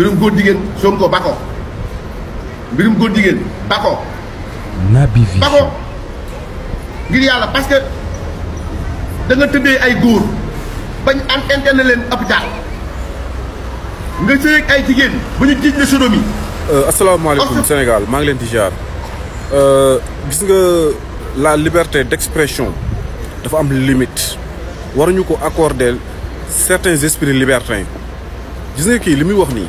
mbirum góor jigéen Sonko bako mbirum góor jigéen bako Naby Vision bako ngir yàlla parce que da nga tëddee ay góor bañ am interne leen hôpital nga sëyeeg ay jigéen ba ñu jiij la sodomi euh, asalaamaaleykum Sénégal maa ngi leen di jaar euh, gis nga la liberté d'expression dafa am limite waruñu ko accorder certains esprits libertins gis nga kii li muy wax nii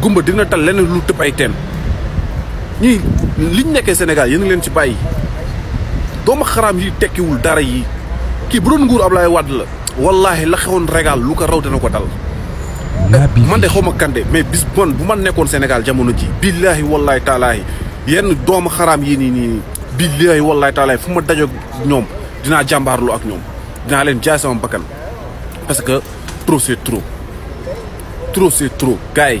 gumba dina tal leneen lu tëb ay teen ñii liñ nekkee Sénégal yéen leen ci bàyyi doomu xaram yi tekkiwul dara yi kii bu doon nguur Ablaye Wade la wallaahi la xewoon régal lu ko raw dana ko dal eh, man de xaw ma kande mais bis bon bu man nekkoon Sénégal jamono ji billaahi wallaahi taalaahi yenn doomu xaram yi nii nii billaahi wallaahi taalaahi fu ma dajoog ñoom dinaa jàmbaarlu ak ñoom dinaa leen jaay sama bakkan parce que trop c'est trop trop c'est trop yi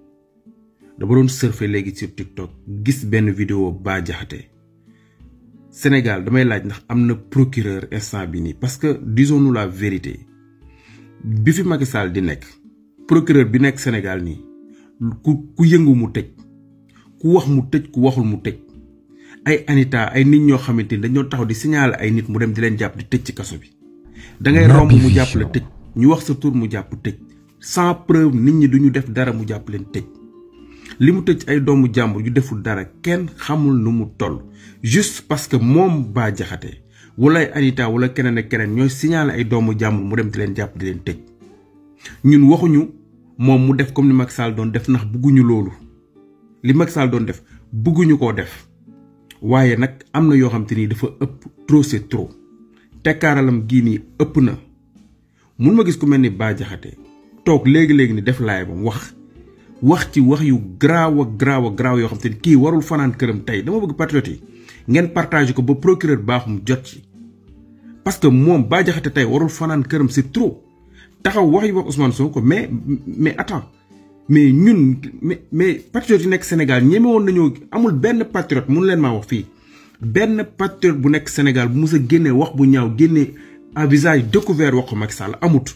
dama doon surfer sur TikTok gis benn vidéo Bah Sénégal damay laaj ndax am procureur instant bi nii parce que disons-nous la vérité bi fi Macky di procureur bi Sénégal nii ku ku yëngu mu ku Anita ay nit ñoo xamante ni dañoo taxaw di signaler ay nit mu dem di leen jàpp di tëj ci kaso bi da ngay mu sa mu sans preuve nit ñi duñu def dara mu li mu tëj ay doomu jàmbur yu deful dara kenn xamul nu mu toll juste parce que moom Bah wala Anita wala keneen keneen ñooy signaler ay doomu jàmbur mu dem di leen jàpp di leen tëj ñun waxuñu moom mu def comme ni Macky Sall doon def ndax bëgguñu loolu li Macky Sall def bëgguñu koo def waaye nag am na yoo xam te ni dafa ëpp trop c'est trop tekkaaralam gii nii ëpp na mun ma gis ku mel ni baajaxate toog léegi-léegi ni def laay bam wax wax ci wax yu graaw a graaw a graaw yoo xam te ni kii warul fanaan këram tey dama bëgg patriote yi ngeen partagé ko ba procureur baaxum jot ci. parce que moom Bah tey warul fanaan këram c'est trop taxaw wax yu wax soo ko mais mais attends mais ñun mais mais patriote yi nekk Sénégal ñeme woon nañoo amul benn patriote mun leen maa wax fii. benn patriote bu nekk Sénégal bu mus a génnee wax bu ñaaw génnee à visage découvert wax ko Macky Sall amut.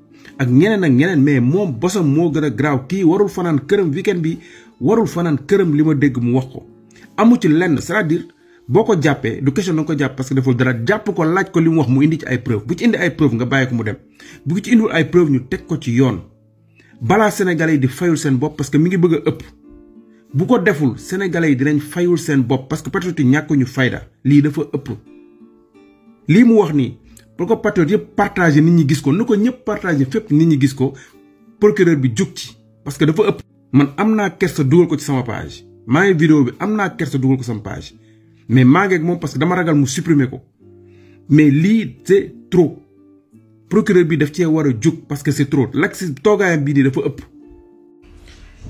ak ñeneen ak ñeneen mais moom bosam moo gën a garaaw kii warul fanaan këram weekend bi warul fanaan këram li ma dégg mu wax ko amu ci lenn cest boo ko jàppee du question da nga ko jàpp parce que deful dara jàpp ko laaj ko li mu wax mu indi ci ay preuve bu ci indi ay preuve nga bàyyi ko mu dem bu ci indiwul ay preuve ñu teg ko ci yoon balaa sénégalais yi di fayul seen bopp parce que mi ngi bëgg ëpp bu ko deful sénégalais yi dinañ fayul seen bopp parce que peut-être ñàkkuñu fayda lii dafa ëpp mu wax nii pour que patriote yëpp partager nit ñi gis ko na ko ñëpp partagé fépp nit ñi gis ko procureur bi jug ci parce que dafa ëpp. man am naa kersa dugal ko ci sama page maa ngi vidéo bi am naa kersa dugal ko sama page mais maa ngi ak moom parce que dama ragal mu supprimer ko mais lii c'est trop procureur bi daf cee war a jug parce que c'est trop laxisme toogaayam bii nii dafa ëpp.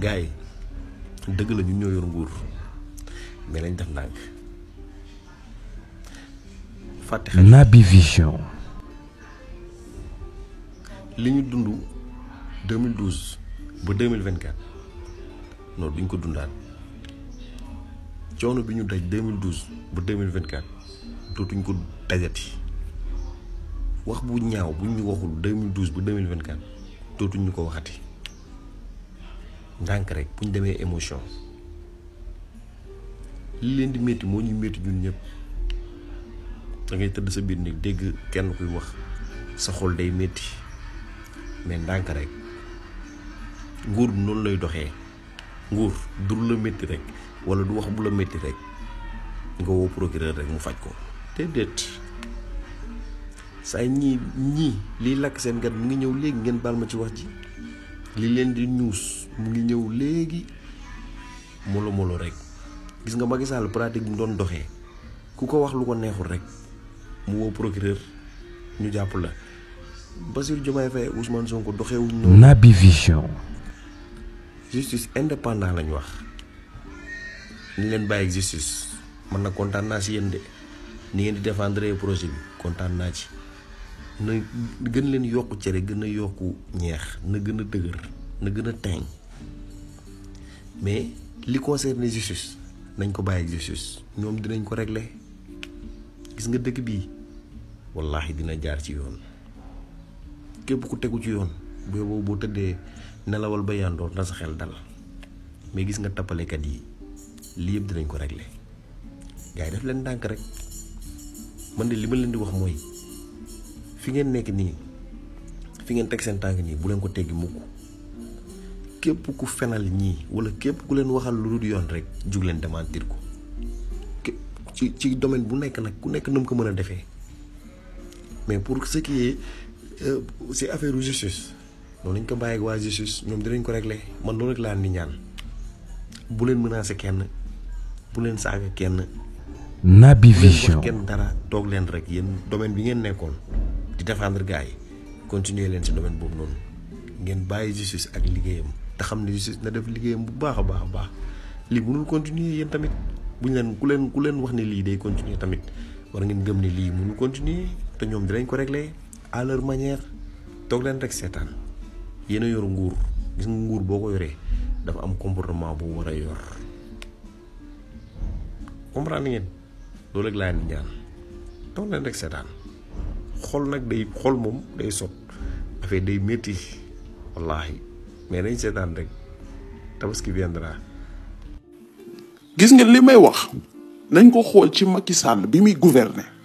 gars yi dëgg la ñu ñoo yor nguur mais lañ def ndànk fàtte xel Naby Vision. li ñu dund 2012 ba 2024 noonu duñ ko dundaan coono bi ñu daj 2012 ba 2024 dootuñ ko dajati wax bu ñaaw bu ñu waxul 2012 ba 2024 dootuñ ñu ko waxati ndànk rek buñ demee émotion li leen di métti moo ñu métti ñun ñëpp. da ngay tëdd sa biir néeg dégg kenn kuy wax sa xol day métti mais ndànk rek nguur bi noonu lay doxee nguur du la métti rek wala du wax bu la métti rek nga woo procureur rek mu faj ko te saa ñii ñii liy lakk seen gan mu ngi ñëw léegi ngeen bal ma ci wax ji li leen di ñuus mu ngi ñëw léegi molo molo rek gis nga Macky Sall pratique bi doon doxee ku ko wax lu ko neexul rek mu woo procureur ñu jàpp la Bassirou Diomaye Faye Ousmane Sonko doxewuñ noonu Naby Vision justice indépendant lañ wax ñu leen bàyyi justice man na kontaan naa si yéen de ni ngeen di défendre projet bi kontaan naa ci na gën leen yokku cere gën a yokku ñeex na gën a dëgër na gën a teeñ mais li concerne justice nañ ko bàyyi justice ñoom dinañ ko regle gis nga dëkk bii wallahi dina jaar ci yoon képp ku tegu ci yoon bu boobu boo tëddee nelawal ba yandoor na sa xel dal mais gis nga tappalekat yi lii yëpp dinañ ko régler gars yi def leen ndànk rek man de li ma leen di wax mooy fi ngeen nekk nii fi ngeen teg seen tànk nii bu leen ko teggi mukk képp ku fenal ñii wala képp ku leen waxal lu dul yoon rek jug leen demandir ko ci ci domaine bu nekk nag ku nekk num ko mën a mais pour ce qui est euh, c'est affaire de justice non lañ ko baye ak justice ñom dinañ ko régler man loolu rek la ni ñaan bu len menacer kenn bu len saaga kenn nabi Vision kenn dara tok len rek yeen domaine bi ngeen nekkon di défendre gaay continuer len ci domaine bobu non ngeen baye justice ak liggéeyam ta xam ni justice na def liggéeyam bu baaxa baaxa baax li baax lii mënul continuer yeen tamit buñ len ku len ku len wax ni li day continuer tamit war ngeen gëm ne lii mënul continuer te ñoom dinañ ko régler à leur manière toog leen rek seetaan yéen a yor nguur gis nga nguur boo ko yoree dafa am comportement bu war a yor comprendre ngeen loolu rek laa ñaan toog leen rek seetaan xol nag day xol moom day sot affaire day métti wallaahi mais dañ seetaan rek tabaski viendra gis nga li may wax nañ ko xool ci Macky sàll bi muy gouverner.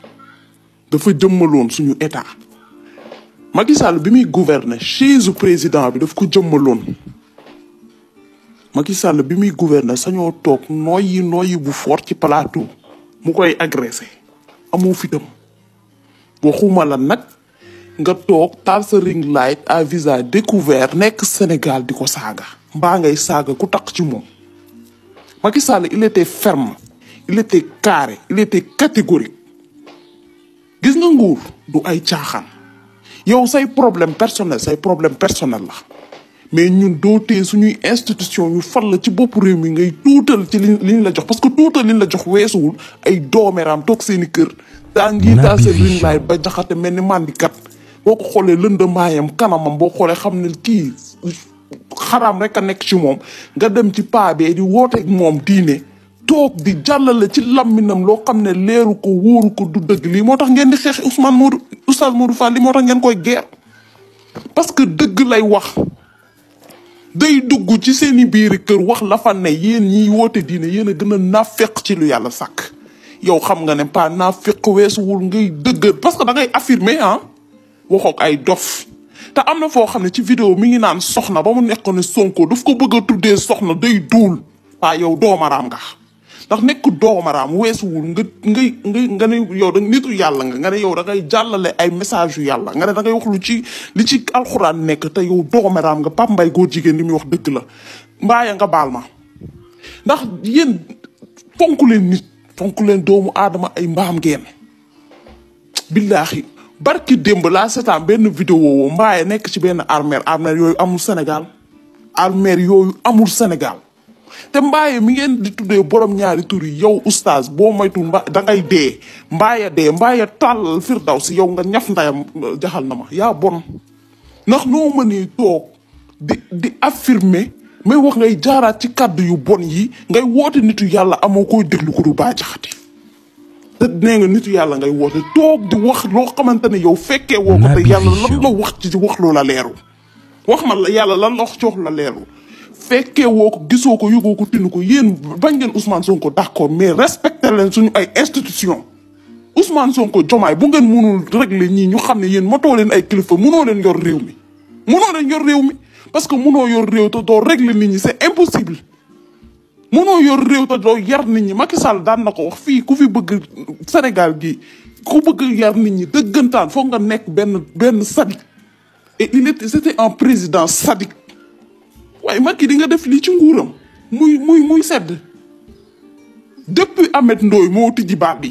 dafa jëmmaloon suñu état Macky Sall bi muy gouverner chaise président bi daf ko jëmmaloon Macky bi muy gouverner sañoo toog nooyi nooyi bu foor ci plateau mu koy agressé amoo fitam waxuma la nag nga toog taal sa ring light à visage découvert nekk Sénégal di ko saaga mbaa ngay saaga ku taq ci moom Macky Sall il était ferme il était carré il était catégorique gis nga nguur du ay caaxaan yow say problème personnel say problème personnel la mais ñun doo tee suñuy institution ñu fal la ci bopp réew mi ngay tuutal ci li ñu la jox parce que tuutal li la jox weesuwul ay doomeeraam toog seen i kër daa ngii taa seen liñ laay ba jaxate mel ni màndikat boo ko xoolee lëndamaayam kanamam boo xoolee xam ne kii xaraam rek a nekk ci moom nga dem ci paabee di wooteeg moom diine toog di jàllale ci làmminam loo xam ne leeru ko wóoru ko du dëgg lii moo tax ngeen di xeex Ousmane Modou Oustaz Modou Fall lii moo tax ngeen koy geer que dëgg lay wax day dugg ci seen i kër wax la fa ne yéen ñiy woote diine yéen a gën a naafeq ci lu yàlla sàkk yow xam nga ne pas naafeq weesuwul ngay dëggal parce que da ngay affirmer ah waxoog ay dof te am na foo xam ne ci vidéo mi ngi naan soxna ba mu nekkoon ne Sonko daf ko bëgg a tuddee soxna day duul waa yow doomaraam nga ndax nekk doomaraam weesuwul nga ngay ngay nga ne yow da nitu yàlla nga nga ne yow da ngay jàllale ay message yu yàlla nga ne da wax lu ci li ci alxuraan nekk te yow doomaraam nga Pape Mbaye góor jigéen li muy wax dëgg la mbaaya nga baal ma ndax yéen fonk leen nit fonk leen doomu aadama ay mbaam ngeen billaahi barki démb laa seetaan benn vidéo woo mbaaye nekk ci benn armeer armeer yooyu amul Sénégal armeer yooyu amul Sénégal te mbaaye mi ngeen di tuddee borom ñaari tur yi yow oustaz boo moytu mba da ngay dee mbaaya dee mbaaya tàllal firdaw si yow nga ñaf ndayam jaxal na ma yaa bon ndax noo mënee toog di di affirmer may wax ngay jaaraat ci kàddu yu bon yi ngay woote nitu yàlla amoo koy déglu ko du baa jaxate te nee nga nitu yàlla ngay woote toog di wax loo xamante ne yow fekkee woo ko te yàlla lan la wax ci wax la leeru wax ma la yàlla lan la wax ci wax la leeru fekkee woo ko gisoo ko yëgoo ko tinu ko Ousmane Sonko d'accord mais respecter len suñu ay institution Ousmane Sonko jomaay bu ngeen mënul régler ñi ñu xamné ne yéen motoo leen ay kilifa mënoo len yor réew mi mënoo leen yor réew mi parce que mënoo yor rew te do régler nit ñi c'est impossible mënoo yor rew te do yar nit ñi Macky Sall daan na wax fi ku fi bëgg Sénégal gi ku bëgg yar nit ñi dëggantaan fo nga nek ben ben sadique et il était c'était un président sadique waaye Macky di nga def lii ci nguuram muy muy muy sedd depuis Ahmed Ndoye moo tijji baat bi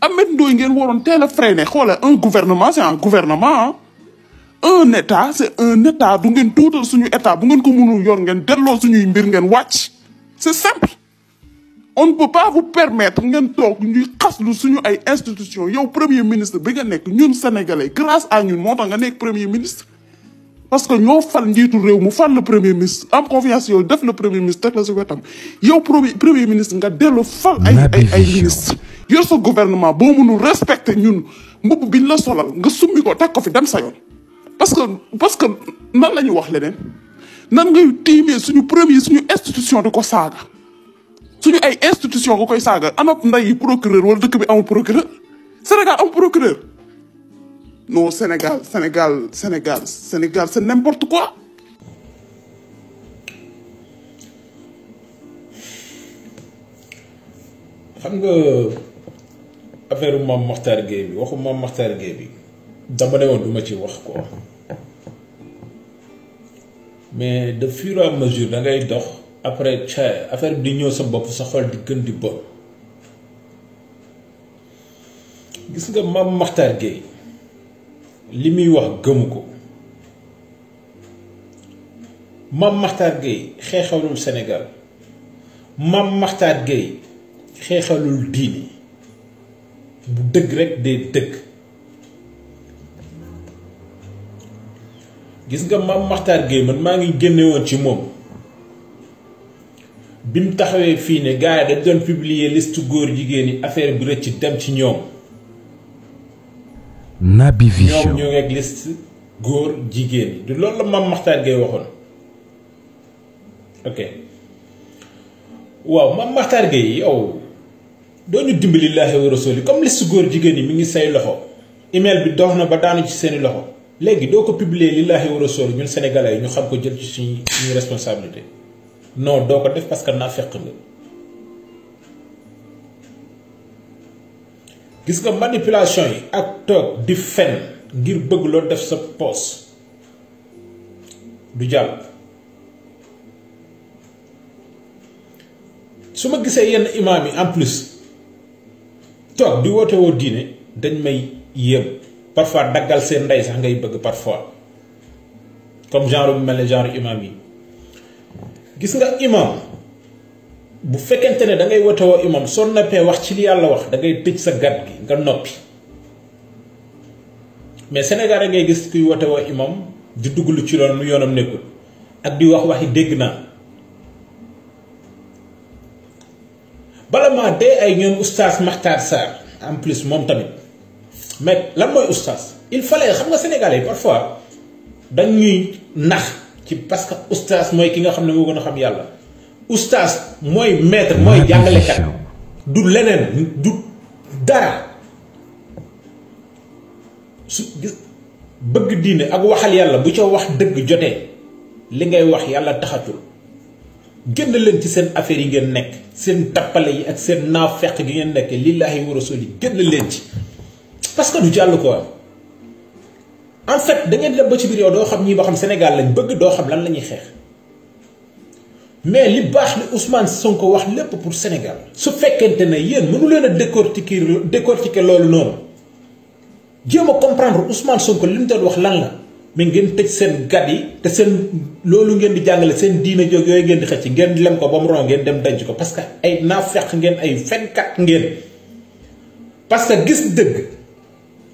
Ahmed Ndoye ngeen waroon teel a freiné xoola un gouvernement c'est un gouvernement un état c'est un état du ngeen tuutal suñu état bu ngeen ko mënul yor ngeen delloo suñuy mbir ngeen wàcc c'est simple on ne peut pas vous permettre ngeen toog ñuy xaslu suñu ay institution yow premier ministre bi nga nekk ñun sénégalais grâce à ñun moo tax nga nekk premier ministre parce que ñoo fal njiitu réew mu fal le premier ministre am confiance yow def le premier ministre teg la si wetam yow premier ministre nga dellu fal ay gouvernement boo mënul respecter ñun mbubb biñ la solal nga summi ko teg ko fi dem sa parce que parce que nan la ñu wax leneen nan ngay tiimee suñu premier suñu institution di ko saaga suñu ay institution nga koy saaga ana yi procureur wala dëkk bi amul procureur Sénégal am procureur non Sénégal Sénégal Sénégal Sénégal c'est n'importe quoi. xam nga affaire Mame Makhtar Gueye bi waxu Mame Makhtar Gueye bi dama ne woon du ci wax quoi mais de fur et à mesure da ngay dox après ca affaire bi di ñëw sa bopp sa xol di gën di bon gis nga Mame Makhtar Gueye. li muy wax gëmu ko Mame Makhtar Gueye xeexalul Sénégal Mame Makhtar Gueye xeexalul diini bu dëgg rek dee dëgg gis nga Mame Makhtar Gueye man maa ngi génnewoon ci moom bi mu taxawee fii ne gars yi dañ doon publier liste góor jigéen yi affaire bi rëcc dem ci ñoom Nous Vision ñu ak liste ma jigéen c'est du loolu la Marta ok Wow, maam Makhtar Gueye wa comme liste góor jigéen yi mi ngi say loxo email bi ba daanu ci seeni loxo publier li wa sénégalais nous ñu xam ko jël responsabilité non ne parce que n'a rien gis nga manipulation yi ak toog di fen ngir bëgg loo def sa poos du jàll su ma gisee yenn imaam yi en plus toog di woote diine dañ may yéem parfois daggal seen ndey sax ngay bëgg parfois comme genre bu mel ne genre imaam yi gis nga imaam bu fekkente ne da ngay wote woo imam soo noppee wax ci li yàlla wax dangay ngay tëj sa gat gi nga noppi mais Sénégal da ngay gis kuy wote woo imam di dugg lu ci loolu lu yoonam nekkul ak di wax wax waxi dégg naa bala maa dee ay ñoom oustaz Makhtar Sarr en plus moom tamit mais lan mooy oustaz il fallait xam nga sénégalais parfois dañ ñuy nax ci parce que oustaz mooy ki nga xam ne moo gën a xam yàlla. oustaz mooy maître mooy jàngalekat du leneen du dara su bëgg diine ak waxal yàlla bu ca wax dëgg jotee li ngay wax yàlla taxatul génn leen ci seen affaire yi ngeen nekk seen tappale yi ak seen naafeq gi ngeen nekk lillaahi wa rasul yi génn leen ci parce que du jàll ko en fait da ngeen dem ci biir yow doo xam ñii ba xam Sénégal lañ bëgg doo xam lan la ñuy xeex mais li bax li Ousmane Sonko wax lepp pour Sénégal su fekkente ne yéen mënu leen a décortiquer décortiquer loolu noonu jéem a comprendre Ousmane Sonko lim mu doon wax lan la mais ngeen tëj seen gadi te seen loolu ngeen di jàngale seen diine jóg yooyu ngeen di xëcc ngeen lem ko ba mu ron ngeen dem denc ko parce que ay naafeq ngeen ay fenkat ngeen parce que gis dëgg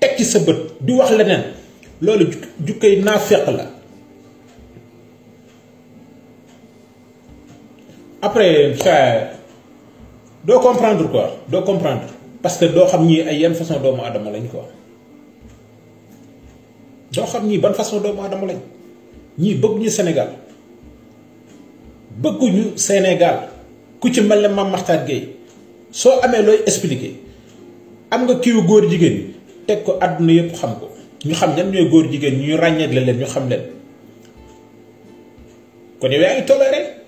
teg ci sa bët di wax leneen loolu jukkay naafeq la. après ça comprendre quoi do comprendre parce que do xam ñi ay façon doomu adama lañ quoi do xam ban façon doomu adama lañ ñii ñu Sénégal ñu Sénégal ku ci avez ne que Makhtar Gueye soo expliquer am nga vous góor jigéen ñi Tu ko aduna yépp xam ko ñu xam ñan ñooy goor jigéen ñu ràññeeg leen ñu xam leen ko ni ay toléré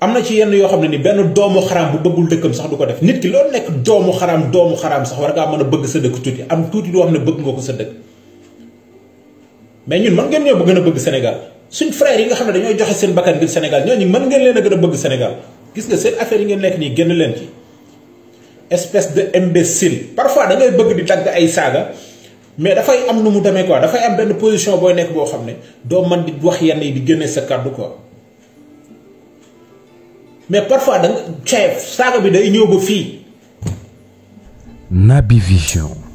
am na ci yenn yoo xam ne ni benn doomu xaraam bu bëggul dëkkam sax du ko def nit ki loolu nekk doomu xaram doomu xaraam sax war ngaa mën a bëgg sa dëkk tuuti am tuuti loo xam ne bëgg nga ko sa dëkk mais ñun mën ngeen ñoo gën a bëgg Sénégal suñ frère yi nga xam ne dañoo joxe seen bakkan ngir Sénégal ñooñu mën ngeen leen a gën a bëgg Sénégal gis nga seen affaire yi ngeen nekk nii génn leen ci espèce de imbécile parfois da ngay bëgg di dagg ay saaga mais dafay am nu mu demee quoi dafay am benn position booy nekk boo xam ne doo man di wax yenn yi di génne sa quoi mais parfois da nga saaga bi day ñëw ba fii. naa bi Vision.